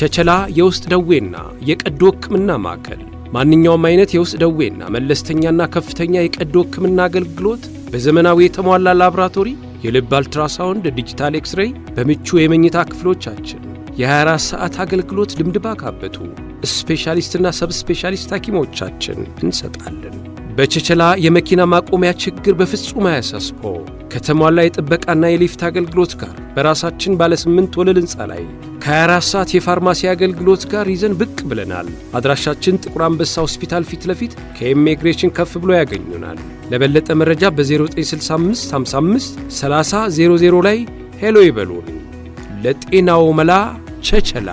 ቸቸላ የውስጥ ደዌና የቀዶ ሕክምና ማዕከል ማንኛውም አይነት የውስጥ ደዌና መለስተኛና ከፍተኛ የቀዶ ሕክምና አገልግሎት በዘመናዊ የተሟላ ላብራቶሪ፣ የልብ አልትራሳውንድ፣ ዲጂታል ኤክስሬይ በምቹ የመኝታ ክፍሎቻችን የ24 ሰዓት አገልግሎት ልምድ ባካበቱ ስፔሻሊስትና ሰብስፔሻሊስት ሐኪሞቻችን እንሰጣለን። በቸቸላ የመኪና ማቆሚያ ችግር በፍጹም አያሳስቦ ከተሟላ የጥበቃና የሊፍት አገልግሎት ጋር በራሳችን ባለ ስምንት ወለል ሕንፃ ላይ ከ24 ሰዓት የፋርማሲ አገልግሎት ጋር ይዘን ብቅ ብለናል። አድራሻችን ጥቁር አንበሳ ሆስፒታል ፊት ለፊት ከኢሚግሬሽን ከፍ ብሎ ያገኙናል። ለበለጠ መረጃ በ096555 3000 ላይ ሄሎ ይበሉን። ለጤናው መላ ቸቸላ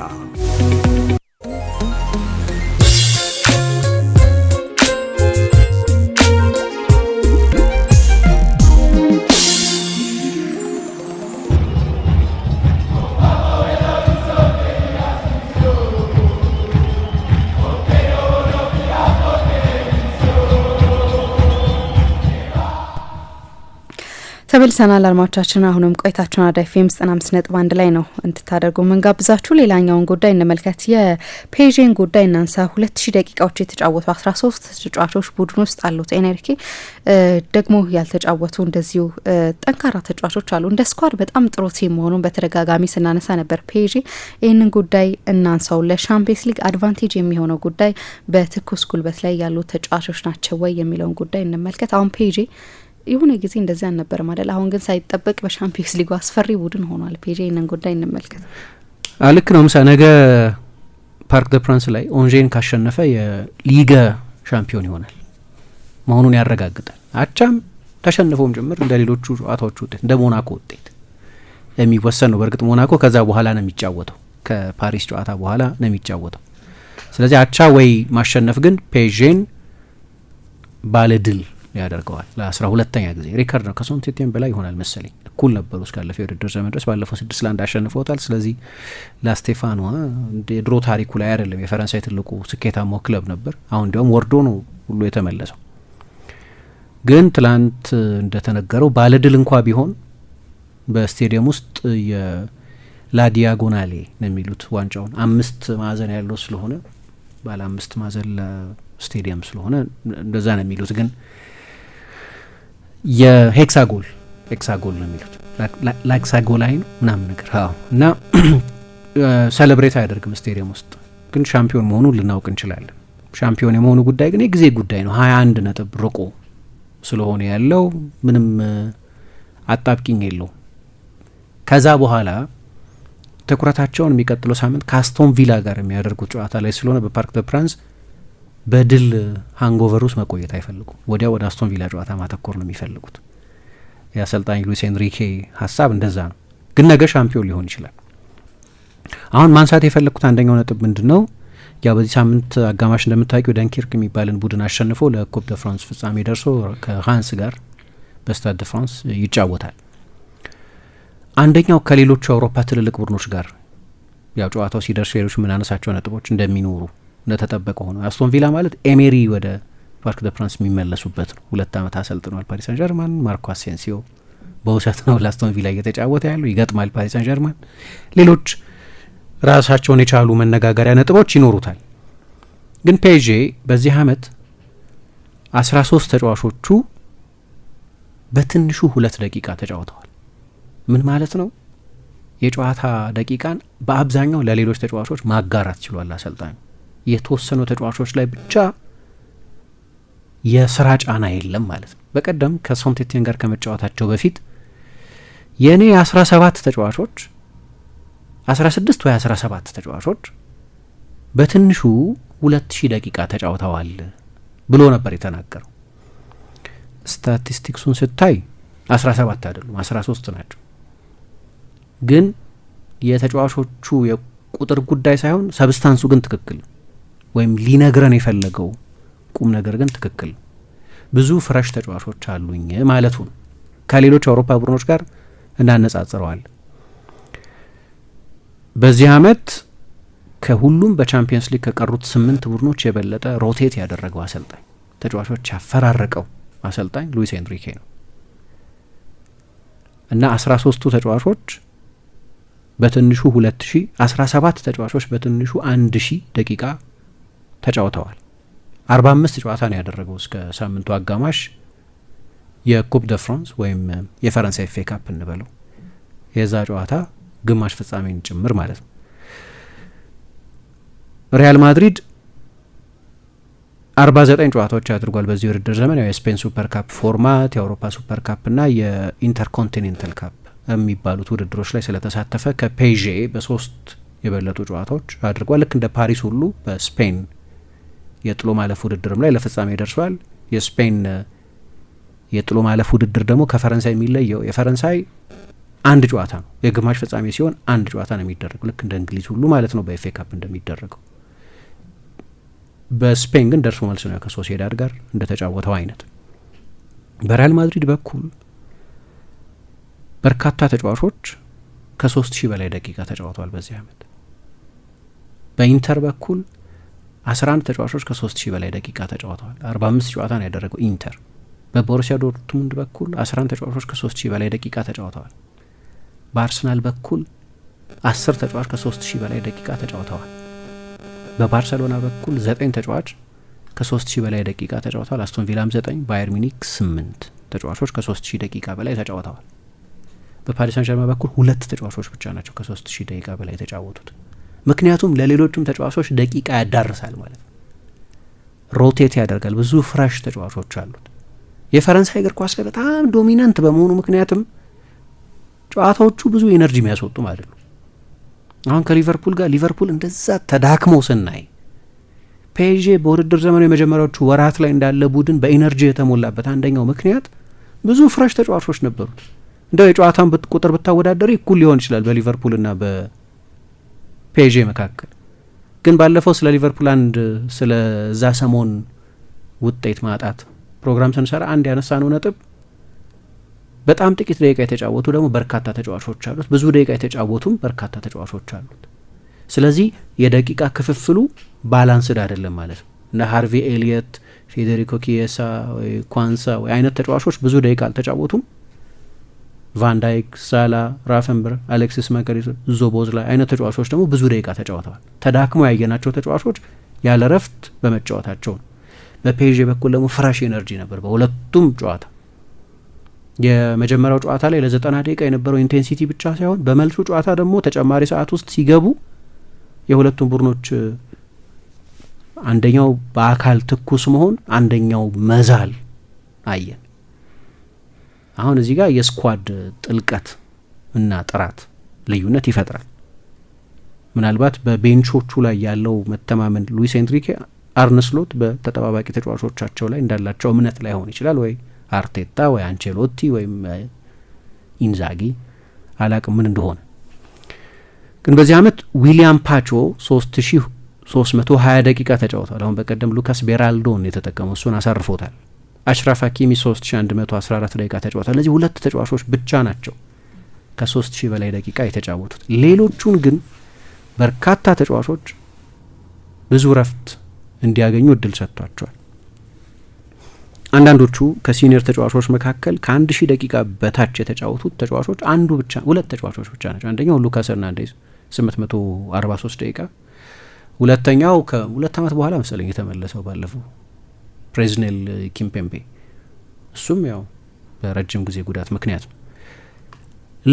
ተመልሰናል አድማጮቻችን። አሁንም ቆይታችን አራዳ ኤፍ ኤም ዘጠና አምስት ነጥብ አንድ ላይ ነው እንድታደርጉ ምንጋብዛችሁ። ሌላኛውን ጉዳይ እንመልከት። የፔዥን ጉዳይ እናንሳ። ሁለት ሺ ደቂቃዎች የተጫወቱ አስራ ሶስት ተጫዋቾች ቡድን ውስጥ አሉት። ኤነርኪ ደግሞ ያልተጫወቱ እንደዚሁ ጠንካራ ተጫዋቾች አሉ። እንደ ስኳድ በጣም ጥሩ ቲም መሆኑን በተደጋጋሚ ስናነሳ ነበር። ፔዥ ይህንን ጉዳይ እናንሳው። ለሻምፒየንስ ሊግ አድቫንቴጅ የሚሆነው ጉዳይ በትኩስ ጉልበት ላይ ያሉ ተጫዋቾች ናቸው ወይ የሚለውን ጉዳይ እንመልከት። አሁን ፔዥ የሆነ ጊዜ እንደዚህ አልነበረም አይደል? አሁን ግን ሳይጠበቅ በሻምፒዮንስ ሊጉ አስፈሪ ቡድን ሆኗል። ፔዤ ይህንን ጉዳይ እንመልከት። ልክ ነው። ምሳ ነገ ፓርክ ደ ፕራንስ ላይ ኦንዤን ካሸነፈ የሊገ ሻምፒዮን ይሆናል መሆኑን ያረጋግጣል። አቻም ተሸንፎም ጭምር እንደ ሌሎቹ ጨዋታዎች ውጤት እንደ ሞናኮ ውጤት የሚወሰን ነው። በእርግጥ ሞናኮ ከዛ በኋላ ነው የሚጫወተው፣ ከፓሪስ ጨዋታ በኋላ ነው የሚጫወተው። ስለዚህ አቻ ወይ ማሸነፍ ግን ፔዤን ባለድል ያደርገዋል። ለአስራ ሁለተኛ ጊዜ ሪከርድ ነው። ከሶንቴቴም በላይ ይሆናል መሰለኝ። እኩል ነበሩ እስካለፈ የውድድር ዘመን ድረስ። ባለፈው ስድስት ለአንድ አሸንፈውታል። ስለዚህ ላስቴፋኗ የድሮ ታሪኩ ላይ አይደለም። የፈረንሳይ ትልቁ ስኬታማው ክለብ ነበር። አሁን እንዲያውም ወርዶ ነው ሁሉ የተመለሰው። ግን ትላንት እንደተነገረው ባለድል እንኳ ቢሆን በስቴዲየም ውስጥ የላዲያጎናሌ ነው የሚሉት ዋንጫውን አምስት ማዕዘን ያለው ስለሆነ ባለ አምስት ማዕዘን ስቴዲየም ስለሆነ እንደዛ ነው የሚሉት ግን የሄክሳጎል ሄክሳጎል ነው የሚሉት ላክሳጎላይ ነው ምናምን ነገር እና ሰለብሬት አያደርግም ስቴዲየም ውስጥ ግን ሻምፒዮን መሆኑን ልናውቅ እንችላለን። ሻምፒዮን የመሆኑ ጉዳይ ግን የጊዜ ጉዳይ ነው። ሀያ አንድ ነጥብ ርቆ ስለሆነ ያለው ምንም አጣብቂኝ የለው። ከዛ በኋላ ትኩረታቸውን የሚቀጥለው ሳምንት ከአስቶን ቪላ ጋር የሚያደርጉት ጨዋታ ላይ ስለሆነ በፓርክ ደ ፕራንስ በድል ሃንጎቨር ውስጥ መቆየት አይፈልጉም። ወዲያ ወደ አስቶን ቪላ ጨዋታ ማተኮር ነው የሚፈልጉት። የአሰልጣኝ ሉዊስ ኤንሪኬ ሀሳብ እንደዛ ነው። ግን ነገ ሻምፒዮን ሊሆን ይችላል። አሁን ማንሳት የፈለግኩት አንደኛው ነጥብ ምንድን ነው? ያ በዚህ ሳምንት አጋማሽ እንደምታውቂው ደንኪርክ የሚባልን ቡድን አሸንፎ ለኮፕ ደ ፍራንስ ፍጻሜ ደርሶ ከሃንስ ጋር በስታድ ደ ፍራንስ ይጫወታል። አንደኛው ከሌሎቹ የአውሮፓ ትልልቅ ቡድኖች ጋር ያው ጨዋታው ሲደርስ ሌሎች የምናነሳቸው ነጥቦች እንደሚኖሩ እንደተጠበቀ ሆኖ አስቶን ቪላ ማለት ኤሜሪ ወደ ፓርክ ደ ፕራንስ የሚመለሱበት ነው። ሁለት ዓመት አሰልጥኗል ፓሪስ ሳን ጀርማን። ማርኮ አሴንሲዮ በውሰት ነው ለአስቶን ቪላ እየተጫወተ ያለው። ይገጥማል ፓሪስ ሳን ጀርማን። ሌሎች ራሳቸውን የቻሉ መነጋገሪያ ነጥቦች ይኖሩታል። ግን ፔዤ በዚህ አመት አስራ ሶስት ተጫዋቾቹ በትንሹ ሁለት ደቂቃ ተጫውተዋል። ምን ማለት ነው? የጨዋታ ደቂቃን በአብዛኛው ለሌሎች ተጫዋቾች ማጋራት ችሏል አሰልጣኙ የተወሰኑ ተጫዋቾች ላይ ብቻ የስራ ጫና የለም ማለት ነው። በቀደም ከሶምቴቴን ጋር ከመጫወታቸው በፊት የእኔ ሰባት ተጫዋቾች 16 ወይ ሰባት ተጫዋቾች በትንሹ ሺህ ደቂቃ ተጫውተዋል ብሎ ነበር የተናገረው። ስታቲስቲክሱን ስታይ ሰባት አይደሉም 13 ናቸው። ግን የተጫዋቾቹ የቁጥር ጉዳይ ሳይሆን ሰብስታንሱ ግን ትክክል ነው። ወይም ሊነግረን የፈለገው ቁም ነገር ግን ትክክል ብዙ ፍረሽ ተጫዋቾች አሉኝ ማለቱን ከሌሎች አውሮፓ ቡድኖች ጋር እናነጻጽረዋል። በዚህ አመት ከሁሉም በቻምፒየንስ ሊግ ከቀሩት ስምንት ቡድኖች የበለጠ ሮቴት ያደረገው አሰልጣኝ ተጫዋቾች ያፈራረቀው አሰልጣኝ ሉዊስ ኤንሪኬ ነው እና አስራ ሶስቱ ተጫዋቾች በትንሹ ሁለት ሺ አስራ ሰባት ተጫዋቾች በትንሹ አንድ ሺ ደቂቃ ተጫውተዋል። አምስት ጨዋታ ነው ያደረገው እስከ ሳምንቱ አጋማሽ የኩፕ ደ ፍራንስ ወይም የፈረንሳይ ፌ ካፕ እንበለው የዛ ጨዋታ ግማሽ ፍጻሜን ጭምር ማለት ነው። ሪያል ማድሪድ ዘጠኝ ጨዋታዎች አድርጓል በዚህ ውድድር ዘመን ያው የስፔን ሱፐር ካፕ ፎርማት የአውሮፓ ሱፐር ካፕ ና የኢንተርኮንቲኔንታል ካፕ የሚባሉት ውድድሮች ላይ ስለተሳተፈ ከፔዤ በሶስት የበለጡ ጨዋታዎች አድርጓል። ልክ እንደ ፓሪስ ሁሉ በስፔን የጥሎ ማለፍ ውድድርም ላይ ለፍጻሜ ደርሷል። የስፔን የጥሎ ማለፍ ውድድር ደግሞ ከፈረንሳይ የሚለየው የፈረንሳይ አንድ ጨዋታ ነው። የግማሽ ፍጻሜ ሲሆን አንድ ጨዋታ ነው የሚደረገው፣ ልክ እንደ እንግሊዝ ሁሉ ማለት ነው፣ በኤፌ ካፕ እንደሚደረገው። በስፔን ግን ደርሶ መልስ ነው ከሶሴዳድ ጋር እንደተጫወተው አይነት። በሪያል ማድሪድ በኩል በርካታ ተጫዋቾች ከሶስት ሺህ በላይ ደቂቃ ተጫውተዋል በዚህ አመት። በኢንተር በኩል 11 ተጫዋቾች ከ3000 በላይ ደቂቃ ተጫውተዋል። 45 ጨዋታ ነው ያደረገው ኢንተር። በቦሩሲያ ዶርትሙንድ በኩል 11 ተጫዋቾች ከ3000 በላይ ደቂቃ ተጫውተዋል። በአርሰናል በኩል 10 ተጫዋች ከ3000 በላይ ደቂቃ ተጫውተዋል። በባርሰሎና በኩል 9 ተጫዋች ከ3000 በላይ ደቂቃ ተጫውተዋል። አስቶን ቪላም 9፣ ባየር ሚኒክ 8 ተጫዋቾች ከ3000 ደቂቃ በላይ ተጫውተዋል። በፓሪስ ሳን ጀርማ በኩል ሁለት ተጫዋቾች ብቻ ናቸው ከ3000 ደቂቃ በላይ የተጫወቱት። ምክንያቱም ለሌሎቹም ተጫዋቾች ደቂቃ ያዳርሳል ማለት ነው። ሮቴት ያደርጋል። ብዙ ፍራሽ ተጫዋቾች አሉት። የፈረንሳይ እግር ኳስ ላይ በጣም ዶሚናንት በመሆኑ ምክንያትም ጨዋታዎቹ ብዙ ኤነርጂ የሚያስወጡም አይደሉም። አሁን ከሊቨርፑል ጋር ሊቨርፑል እንደዛ ተዳክሞ ስናይ ፔዤ በውድድር ዘመኑ የመጀመሪያዎቹ ወራት ላይ እንዳለ ቡድን በኢነርጂ የተሞላበት አንደኛው ምክንያት ብዙ ፍራሽ ተጫዋቾች ነበሩት። እንደው የጨዋታን ቁጥር ብታወዳደሪ እኩል ሊሆን ይችላል በሊቨርፑልና ፔዤ መካከል ግን ባለፈው ስለ ሊቨርፑል አንድ ስለዛ ሰሞን ውጤት ማጣት ፕሮግራም ስንሰራ አንድ ያነሳ ነው ነጥብ በጣም ጥቂት ደቂቃ የተጫወቱ ደግሞ በርካታ ተጫዋቾች አሉት፣ ብዙ ደቂቃ የተጫወቱም በርካታ ተጫዋቾች አሉት። ስለዚህ የደቂቃ ክፍፍሉ ባላንስድ አይደለም ማለት ነው። እነ ሃርቪ ኤሊየት፣ ፌዴሪኮ ኪየሳ ወይ ኳንሳ ወይ አይነት ተጫዋቾች ብዙ ደቂቃ አልተጫወቱም። ቫንዳይክ፣ ሳላ፣ ራፈንበር፣ አሌክሲስ መከሪስ፣ ዞቦዝ ላይ አይነት ተጫዋቾች ደግሞ ብዙ ደቂቃ ተጫውተዋል። ተዳክመው ያየናቸው ተጫዋቾች ያለ ረፍት በመጫወታቸው ነው። በፔዥ በኩል ደግሞ ፍራሽ ኤነርጂ ነበር በሁለቱም ጨዋታ። የመጀመሪያው ጨዋታ ላይ ለዘጠና ደቂቃ የነበረው ኢንቴንሲቲ ብቻ ሳይሆን በመልሱ ጨዋታ ደግሞ ተጨማሪ ሰዓት ውስጥ ሲገቡ የሁለቱም ቡድኖች አንደኛው በአካል ትኩስ መሆን፣ አንደኛው መዛል አየን። አሁን እዚህ ጋር የስኳድ ጥልቀት እና ጥራት ልዩነት ይፈጥራል። ምናልባት በቤንቾቹ ላይ ያለው መተማመን ሉዊስ ኤንሪኬ አርነስሎት በተጠባባቂ ተጫዋቾቻቸው ላይ እንዳላቸው እምነት ላይሆን ይችላል። ወይ አርቴታ ወይ አንቸሎቲ ወይም ኢንዛጊ አላቅ ምን እንደሆነ ግን በዚህ አመት ዊሊያም ፓቾ 3320 ደቂቃ ተጫውቷል። አሁን በቀደም ሉካስ ቤራልዶን የተጠቀመው እሱን አሳርፎታል። አሽራፍ ሀኪሚ 3114 ደቂቃ ተጫውቷል። እነዚህ ሁለት ተጫዋቾች ብቻ ናቸው ከ3000 በላይ ደቂቃ የተጫወቱት። ሌሎቹን ግን በርካታ ተጫዋቾች ብዙ እረፍት እንዲያገኙ እድል ሰጥቷቸዋል። አንዳንዶቹ ከሲኒየር ተጫዋቾች መካከል ከ1000 ደቂቃ በታች የተጫወቱት ተጫዋቾች አንዱ ብቻ ሁለት ተጫዋቾች ብቻ ናቸው። አንደኛው ሉካስ ሄርናንዴዝ 843 ደቂቃ፣ ሁለተኛው ከሁለት ዓመት በኋላ መሰለኝ የተመለሰው ባለፈው ፕሬዝኔል ኪምፔምቤ እሱም ያው በረጅም ጊዜ ጉዳት ምክንያት ነው።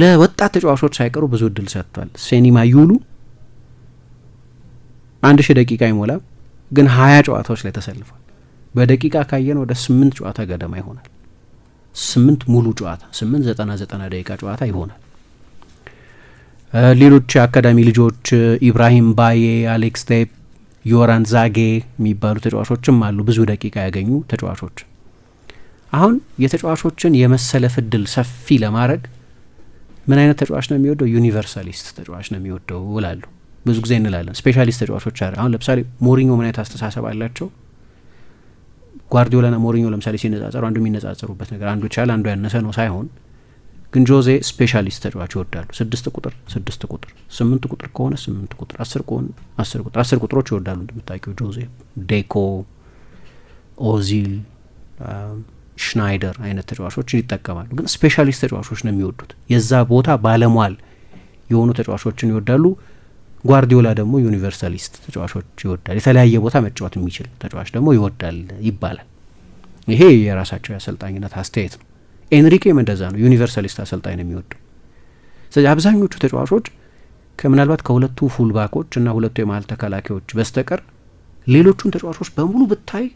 ለወጣት ተጫዋቾች ሳይቀሩ ብዙ እድል ሰጥቷል። ሴኒማ ዩሉ አንድ ሺህ ደቂቃ አይሞላም፣ ግን ሀያ ጨዋታዎች ላይ ተሰልፏል። በደቂቃ ካየን ወደ ስምንት ጨዋታ ገደማ ይሆናል። ስምንት ሙሉ ጨዋታ ስምንት ዘጠና ዘጠና ደቂቃ ጨዋታ ይሆናል። ሌሎች የአካዳሚ ልጆች ኢብራሂም ባዬ፣ አሌክስ ቴፕ ዮራን ዛጌ የሚባሉ ተጫዋቾችም አሉ፣ ብዙ ደቂቃ ያገኙ ተጫዋቾች። አሁን የተጫዋቾችን የመሰለፍ እድል ሰፊ ለማድረግ ምን አይነት ተጫዋች ነው የሚወደው? ዩኒቨርሳሊስት ተጫዋች ነው የሚወደው እላለሁ። ብዙ ጊዜ እንላለን ስፔሻሊስት ተጫዋቾች አለ። አሁን ለምሳሌ ሞሪኞ ምን አይነት አስተሳሰብ አላቸው? ጓርዲዮላና ሞሪኞ ለምሳሌ ሲነጻጸሩ አንዱ የሚነጻጸሩበት ነገር አንዱ ይቻላል አንዱ ያነሰ ነው ሳይሆን፣ ግን ጆዜ ስፔሻሊስት ተጫዋች ይወዳሉ። ስድስት ቁጥር ስድስት ቁጥር ስምንት ቁጥር ከሆነ ስምንት ቁጥር፣ አስር ከሆነ አስር ቁጥር። አስር ቁጥሮች ይወዳሉ እንደምታውቂው፣ ጆዜ ዴኮ፣ ኦዚል፣ ሽናይደር አይነት ተጫዋቾችን ይጠቀማሉ። ግን ስፔሻሊስት ተጫዋቾች ነው የሚወዱት። የዛ ቦታ ባለሟል የሆኑ ተጫዋቾችን ይወዳሉ። ጓርዲዮላ ደግሞ ዩኒቨርሳሊስት ተጫዋቾች ይወዳል። የተለያየ ቦታ መጫወት የሚችል ተጫዋች ደግሞ ይወዳል ይባላል። ይሄ የራሳቸው የአሰልጣኝነት አስተያየት ነው። ኤንሪኬም እንደዛ ነው፣ ዩኒቨርሳሊስት አሰልጣኝ ነው የሚወደው። ስለዚህ አብዛኞቹ ተጫዋቾች ከምናልባት ከሁለቱ ፉልባኮች እና ሁለቱ የመሀል ተከላካዮች በስተቀር ሌሎቹን ተጫዋቾች በሙሉ ብታይ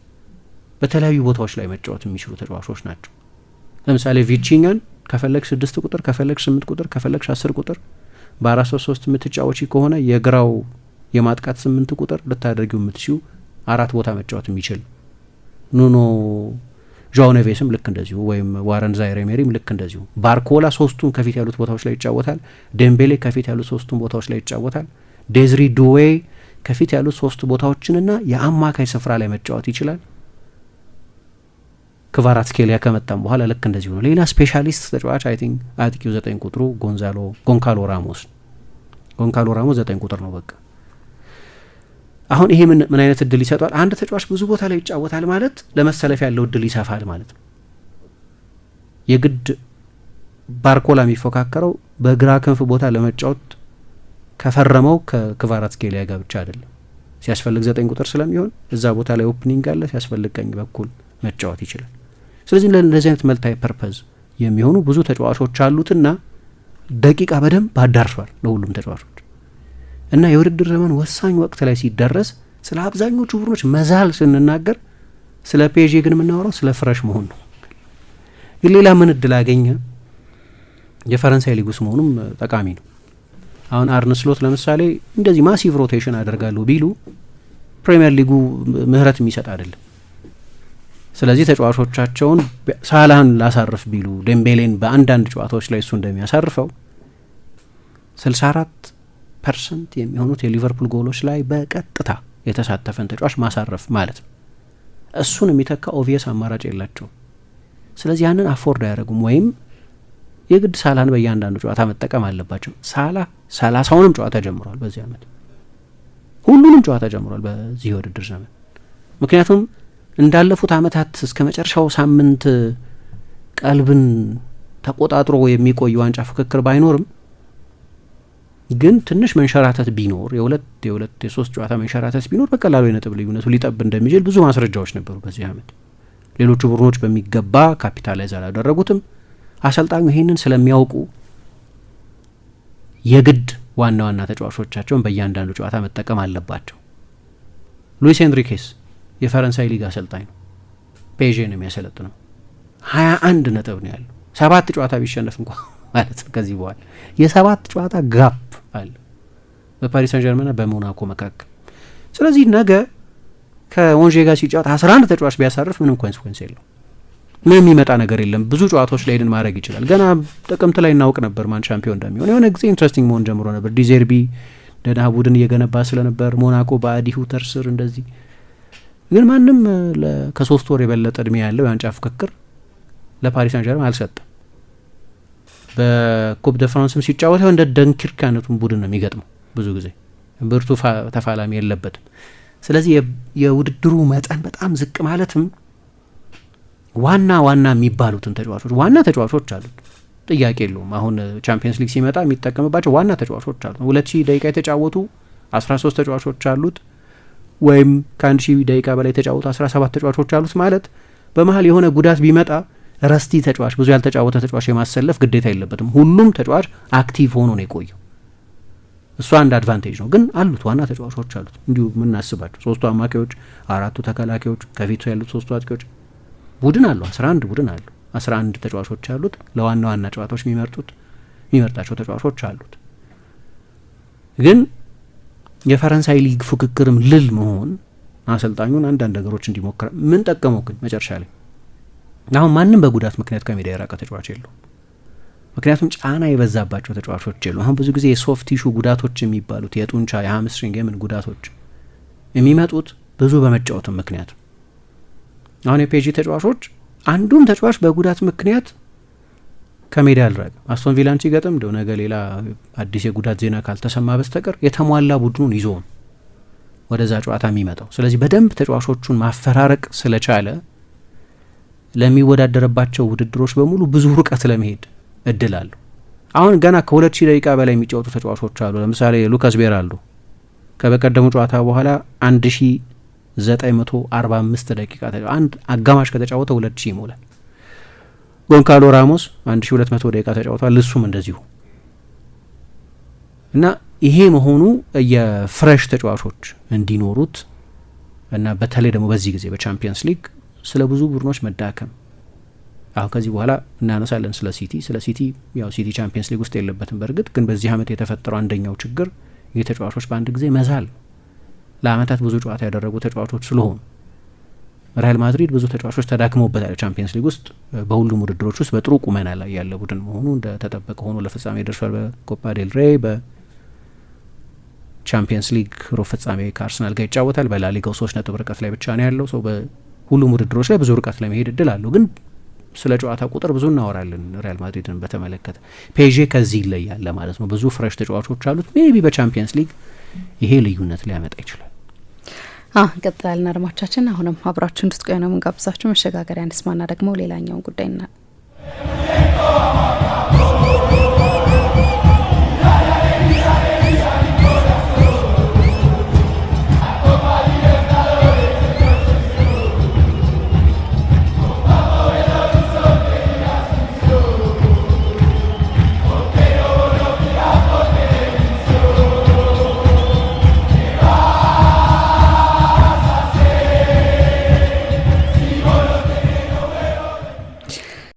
በተለያዩ ቦታዎች ላይ መጫወት የሚችሉ ተጫዋቾች ናቸው። ለምሳሌ ቪቺኛን ከፈለግ ስድስት ቁጥር ከፈለግ ስምንት ቁጥር ከፈለግ አስር ቁጥር በአራት ሶስት ሶስት ከሆነ የግራው የማጥቃት ስምንት ቁጥር ልታደርጊው የምትሲው አራት ቦታ መጫወት የሚችል ኑኖ ጆዋ ኔቬስም ልክ እንደዚሁ ወይም ዋረን ዛይሬ ሜሪም ልክ እንደዚሁ። ባርኮላ ሶስቱን ከፊት ያሉት ቦታዎች ላይ ይጫወታል። ዴምቤሌ ከፊት ያሉት ሶስቱን ቦታዎች ላይ ይጫወታል። ዴዝሪ ዱዌ ከፊት ያሉት ሶስት ቦታዎችንና የአማካይ ስፍራ ላይ መጫወት ይችላል። ክቫራትስኬሊያ ከመጣም በኋላ ልክ እንደዚሁ ነው። ሌላ ስፔሻሊስት ተጫዋች አይ ቲንክ አጥቂው ዘጠኝ ቁጥሩ ጎንዛሎ ጎንካሎ ራሞስ ጎንካሎ ራሞስ ዘጠኝ ቁጥር ነው በቃ አሁን ይሄ ምን ምን አይነት እድል ይሰጧል? አንድ ተጫዋች ብዙ ቦታ ላይ ይጫወታል ማለት ለመሰለፍ ያለው እድል ይሰፋል ማለት ነው። የግድ ባርኮላ የሚፎካከረው በግራ ክንፍ ቦታ ለመጫወት ከፈረመው ከክቫራትስኬሊያ ጋር ብቻ አይደለም። ሲያስፈልግ ዘጠኝ ቁጥር ስለሚሆን እዛ ቦታ ላይ ኦፕኒንግ አለ፣ ሲያስፈልግ ቀኝ በኩል መጫወት ይችላል። ስለዚህ ለእንደዚህ አይነት መልታዊ ፐርፐዝ የሚሆኑ ብዙ ተጫዋቾች አሉትና ደቂቃ በደንብ አዳርሷል ለሁሉም ተጫዋቾች። እና የውድድር ዘመን ወሳኝ ወቅት ላይ ሲደረስ ስለ አብዛኞቹ ቡድኖች መዛል ስንናገር ስለ ፔዤ ግን የምናወራው ስለ ፍረሽ መሆን ነው። ግን ሌላ ምን እድል አገኘ? የፈረንሳይ ሊጉስ መሆኑም ጠቃሚ ነው። አሁን አርነ ስሎት ለምሳሌ እንደዚህ ማሲቭ ሮቴሽን አደርጋለሁ ቢሉ ፕሪምየር ሊጉ ምህረት የሚሰጥ አይደለም። ስለዚህ ተጫዋቾቻቸውን ሳላህን ላሳርፍ ቢሉ ዴምቤሌን በአንዳንድ ጨዋታዎች ላይ እሱ እንደሚያሳርፈው ስልሳ አራት ፐርሰንት የሚሆኑት የሊቨርፑል ጎሎች ላይ በቀጥታ የተሳተፈን ተጫዋች ማሳረፍ ማለት ነው። እሱን የሚተካ ኦቪየስ አማራጭ የላቸውም። ስለዚህ ያንን አፎርድ አያደርጉም ወይም የግድ ሳላን በእያንዳንዱ ጨዋታ መጠቀም አለባቸው። ሳላ ሰላሳውንም ጨዋታ ጀምሯል በዚህ ዓመት ሁሉንም ጨዋታ ጀምሯል በዚህ የውድድር ዘመን። ምክንያቱም እንዳለፉት ዓመታት እስከ መጨረሻው ሳምንት ቀልብን ተቆጣጥሮ የሚቆይ ዋንጫ ፍክክር ባይኖርም ግን ትንሽ መንሸራተት ቢኖር የሁለት የሁለት የሶስት ጨዋታ መንሸራተት ቢኖር በቀላሉ የነጥብ ልዩነቱ ሊጠብ እንደሚችል ብዙ ማስረጃዎች ነበሩ። በዚህ አመት ሌሎቹ ቡድኖች በሚገባ ካፒታላይዝ አላደረጉትም። አሰልጣኙ ይህንን ስለሚያውቁ የግድ ዋና ዋና ተጫዋቾቻቸውን በእያንዳንዱ ጨዋታ መጠቀም አለባቸው። ሉዊስ ሄንሪኬስ የፈረንሳይ ሊግ አሰልጣኝ ነው። ፔዤ ነው የሚያሰለጥነው። ሀያ አንድ ነጥብ ነው ያለው። ሰባት ጨዋታ ቢሸነፍ እንኳ ማለት ነው ከዚህ በኋላ የሰባት ጨዋታ ጋፕ አለ በፓሪስ ሳን ጀርመንና በሞናኮ መካከል። ስለዚህ ነገ ከወንዤ ጋር ሲጫወት አስራ አንድ ተጫዋች ቢያሳርፍ ምንም ኮንስኮንስ የለው፣ ምንም የሚመጣ ነገር የለም። ብዙ ጨዋታዎች ላይ ድን ማድረግ ይችላል። ገና ጥቅምት ላይ እናውቅ ነበር ማን ሻምፒዮን እንደሚሆን። የሆነ ጊዜ ኢንትረስቲንግ መሆን ጀምሮ ነበር። ዲዜርቢ ደህና ቡድን እየገነባ ስለነበር ሞናኮ በአዲሁ ተርስር እንደዚህ ግን ማንም ከሶስት ወር የበለጠ እድሜ ያለው የዋንጫ ፍክክር ለፓሪስ ሳን ጀርመን አልሰጠም። በኮፕ ደ ፍራንስም ሲጫወት እንደ ደንኪርክ አይነቱን ቡድን ነው የሚገጥመው። ብዙ ጊዜ ብርቱ ተፋላሚ የለበትም። ስለዚህ የውድድሩ መጠን በጣም ዝቅ ማለትም ዋና ዋና የሚባሉትን ተጫዋቾች ዋና ተጫዋቾች አሉት፣ ጥያቄ የለውም። አሁን ቻምፒየንስ ሊግ ሲመጣ የሚጠቀምባቸው ዋና ተጫዋቾች አሉት። ሁለት ሺህ ደቂቃ የተጫወቱ አስራ ሶስት ተጫዋቾች አሉት ወይም ከአንድ ሺህ ደቂቃ በላይ የተጫወቱ አስራ ሰባት ተጫዋቾች አሉት ማለት በመሀል የሆነ ጉዳት ቢመጣ ረስቲ ተጫዋች ብዙ ያልተጫወተ ተጫዋች የማሰለፍ ግዴታ የለበትም። ሁሉም ተጫዋች አክቲቭ ሆኖ ነው የቆየው። እሱ አንድ አድቫንቴጅ ነው። ግን አሉት ዋና ተጫዋቾች አሉት እንዲሁ የምናስባቸው ሶስቱ አማካዮች፣ አራቱ ተከላካዮች፣ ከፊቱ ያሉት ሶስቱ አጥቂዎች ቡድን አሉ። አስራ አንድ ቡድን አለው። አስራ አንድ ተጫዋቾች አሉት። ለዋና ዋና ጨዋታዎች የሚመርጡት የሚመርጣቸው ተጫዋቾች አሉት። ግን የፈረንሳይ ሊግ ፉክክርም ልል መሆን አሰልጣኙን አንዳንድ ነገሮች እንዲሞክረ ምን ጠቀመው ግን መጨረሻ ላይ አሁን ማንም በጉዳት ምክንያት ከሜዳ የራቀ ተጫዋች የለውም። ምክንያቱም ጫና የበዛባቸው ተጫዋቾች የሉ። አሁን ብዙ ጊዜ የሶፍት ቲሹ ጉዳቶች የሚባሉት የጡንቻ የሀምስትሪንግ የምን ጉዳቶች የሚመጡት ብዙ በመጫወትም ምክንያት አሁን የፔጂ ተጫዋቾች አንዱም ተጫዋች በጉዳት ምክንያት ከሜዳ አልራቅም። አስቶን ቪላን ሲገጥም እንደው ነገ ሌላ አዲስ የጉዳት ዜና ካልተሰማ በስተቀር የተሟላ ቡድኑን ይዞ ወደዛ ጨዋታ የሚመጣው ስለዚህ በደንብ ተጫዋቾቹን ማፈራረቅ ስለቻለ ለሚወዳደርባቸው ውድድሮች በሙሉ ብዙ ርቀት ለመሄድ እድል አለው። አሁን ገና ከሁለት ሺህ ደቂቃ በላይ የሚጫወቱ ተጫዋቾች አሉ። ለምሳሌ ሉካስ ቤር አሉ። ከበቀደሙ ጨዋታ በኋላ አንድ ሺ ዘጠኝ መቶ አርባ አምስት ደቂቃ አንድ አጋማሽ ከተጫወተ ሁለት ሺ ይሞላል። ጎንካሎ ራሞስ አንድ ሺ ሁለት መቶ ደቂቃ ተጫውቷል። እሱም እንደዚሁ እና ይሄ መሆኑ የፍሬሽ ተጫዋቾች እንዲኖሩት እና በተለይ ደግሞ በዚህ ጊዜ በቻምፒየንስ ሊግ ስለ ብዙ ቡድኖች መዳከም አሁን ከዚህ በኋላ እናነሳለን ስለ ሲቲ። ስለ ሲቲ ያው ሲቲ ቻምፒየንስ ሊግ ውስጥ የለበትም በእርግጥ ግን በዚህ አመት የተፈጠረው አንደኛው ችግር የተጫዋቾች በአንድ ጊዜ መዛል ለአመታት ብዙ ጨዋታ ያደረጉ ተጫዋቾች ስለሆኑ ሪያል ማድሪድ ብዙ ተጫዋቾች ተዳክመውበታል። ቻምፒየንስ ሊግ ውስጥ በሁሉም ውድድሮች ውስጥ በጥሩ ቁመና ላይ ያለ ቡድን መሆኑ እንደተጠበቀ ሆኖ ለፍጻሜ ደርሷል። በኮፓ ዴል ሬይ፣ በቻምፒየንስ ሊግ ሩብ ፍጻሜ ከአርሰናል ጋር ይጫወታል። በላሊጋው ሶስት ነጥብ ርቀት ላይ ብቻ ነው ያለው ሰው ሁሉም ውድድሮች ላይ ብዙ ርቀት ለመሄድ እድል አለው። ግን ስለ ጨዋታ ቁጥር ብዙ እናወራለን። ሪያል ማድሪድን በተመለከተ ፔዤ ከዚህ ይለያል ለማለት ነው። ብዙ ፍረሽ ተጫዋቾች አሉት። ሜቢ በቻምፒየንስ ሊግ ይሄ ልዩነት ሊያመጣ ይችላል። አዎ እንቀጥላለን። አድማጮቻችን አሁንም አብራችሁ እንድትቆዩ ነው የምንጋብዛችሁ። መሸጋገሪያ እንስማና ደግሞ ሌላኛውን ጉዳይ ና